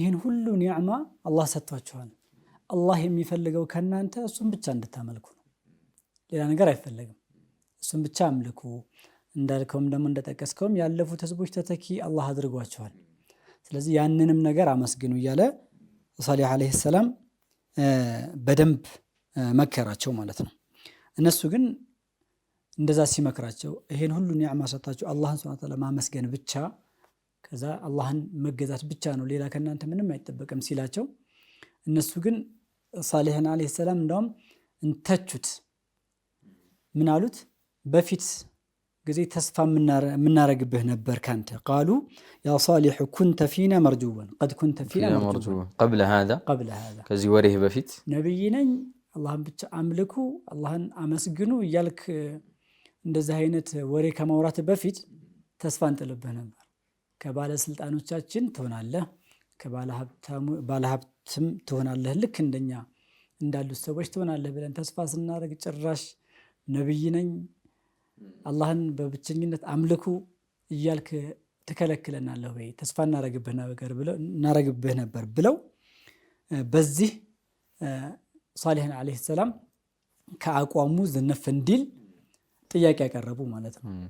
ይህን ሁሉ ኒዕማ አላህ ሰጥቷችኋል። አላህ የሚፈልገው ከእናንተ እሱን ብቻ እንድታመልኩ ነው። ሌላ ነገር አይፈለግም። እሱን ብቻ አምልኩ። እንዳልከውም ደግሞ እንደጠቀስከውም ያለፉት ህዝቦች ተተኪ አላህ አድርጓቸዋል። ስለዚህ ያንንም ነገር አመስግኑ እያለ ሳሌህ ዓለይሂ ሰላም በደንብ መከራቸው ማለት ነው። እነሱ ግን እንደዛ ሲመክራቸው ይሄን ሁሉ ኒዕማ ሰጥቷችሁ አላህን ሱብሓነሁ ወተዓላ ማመስገን ብቻ ከዛ አላህን መገዛት ብቻ ነው ሌላ ከእናንተ ምንም አይጠበቅም ሲላቸው እነሱ ግን ሳሌሕን ዓለይሂ ሰላም እንዳውም እንተቹት። ምን አሉት? በፊት ጊዜ ተስፋ የምናረግብህ ነበር ካንተ ቃሉ ያ ሳሊሑ ኩንተ ፊና መርጁወን ቀድ ኩንተ ፊና መርጁወን ከዚህ ወሬህ በፊት ነቢይ ነኝ አላህን ብቻ አምልኩ አላህን አመስግኑ እያልክ እንደዚህ አይነት ወሬ ከማውራት በፊት ተስፋ እንጥልብህ ነበር ከባለስልጣኖቻችን ትሆናለህ ከባለሀብትም ትሆናለህ ልክ እንደኛ እንዳሉት ሰዎች ትሆናለህ ብለን ተስፋ ስናደርግ ጭራሽ ነብይ ነኝ አላህን በብቸኝነት አምልኩ እያልክ ትከለክለናለህ ወይ ተስፋ እናረግብህ ነበር ብለው በዚህ ሳሊህን አለይሂ ሰላም ከአቋሙ ዝነፍ እንዲል ጥያቄ ያቀረቡ ማለት ነው